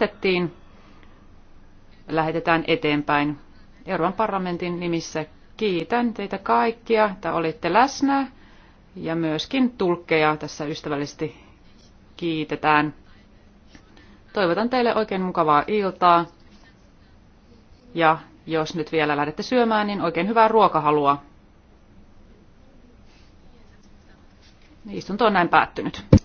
äänestettiin, lähetetään eteenpäin. Euroopan parlamentin nimissä kiitän teitä kaikkia, että olitte läsnä ja myöskin tulkkeja tässä ystävällisesti kiitetään. Toivotan teille oikein mukavaa iltaa ja jos nyt vielä lähdette syömään, niin oikein hyvää ruokahalua. Istunto on näin päättynyt.